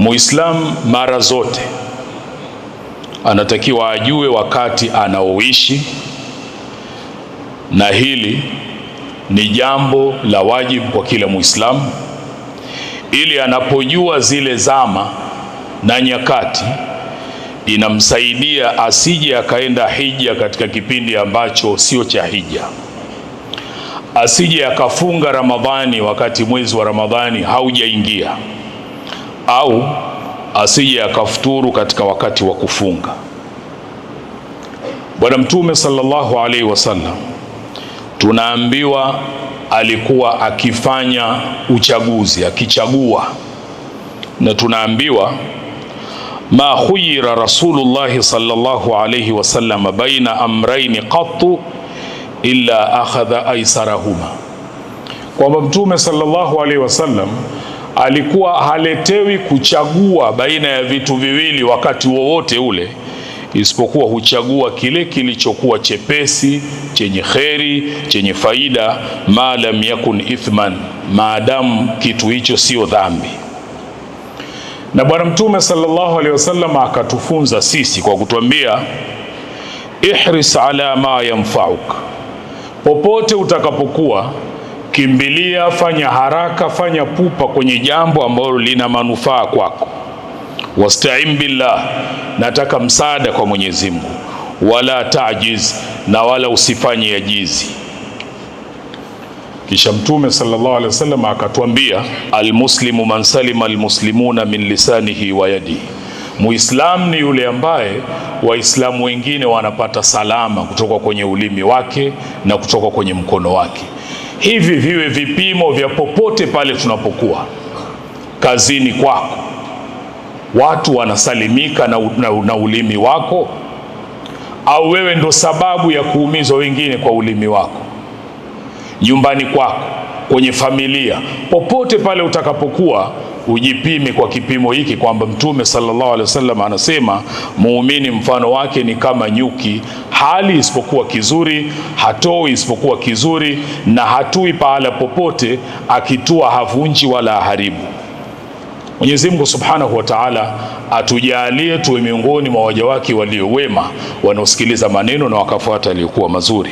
Muislam mara zote anatakiwa ajue wakati anaoishi, na hili ni jambo la wajibu kwa kila Muislam, ili anapojua zile zama na nyakati inamsaidia asije akaenda hija katika kipindi ambacho sio cha hija, asije akafunga Ramadhani wakati mwezi wa Ramadhani haujaingia au asije akafuturu katika wakati wa kufunga. Bwana Mtume sallallahu alaihi wasallam tunaambiwa alikuwa akifanya uchaguzi, akichagua, na tunaambiwa ma khuyira Rasulullahi sallallahu alaihi wasallam baina amraini qattu illa akhadha aisarahuma, kwamba Mtume sallallahu alaihi wasallam alikuwa haletewi kuchagua baina ya vitu viwili wakati wowote ule, isipokuwa huchagua kile kilichokuwa chepesi, chenye kheri, chenye faida, ma lam yakun ithman, maadamu kitu hicho sio dhambi. Na Bwana Mtume sallallahu alaihi wasallam akatufunza sisi kwa kutuambia, ihris ala ma yanfauk, popote utakapokuwa kimbilia, fanya haraka, fanya pupa kwenye jambo ambalo lina manufaa kwako. wastaim billah, nataka msaada kwa Mwenyezi Mungu. Wala tajiz, na wala usifanye ajizi. Kisha Mtume sallallahu alaihi wasallam akatwambia, almuslimu man salima almuslimuna min lisanihi wa yadihi, muislamu ni yule ambaye waislamu wengine wanapata salama kutoka kwenye ulimi wake na kutoka kwenye mkono wake hivi viwe vipimo vya popote pale tunapokuwa kazini kwako, watu wanasalimika na, na, na ulimi wako, au wewe ndo sababu ya kuumizwa wengine kwa ulimi wako? Nyumbani kwako, kwenye familia, popote pale utakapokuwa, ujipime kwa kipimo hiki, kwamba Mtume sallallahu alaihi wasallam anasema muumini mfano wake ni kama nyuki hali isipokuwa kizuri, hatoi isipokuwa kizuri, na hatui pahala popote, akitua havunji wala haribu. Mwenyezi Mungu Subhanahu wa Ta'ala atujalie tuwe miongoni mwa waja wake walio wema wanaosikiliza maneno na wakafuata yaliyokuwa mazuri.